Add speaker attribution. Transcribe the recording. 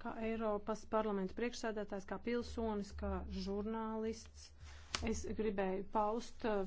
Speaker 1: kā Eiropas parlamenta priekšsēdētājs, kā pilsonis, kā žurnālists. Es gribēju paust uh,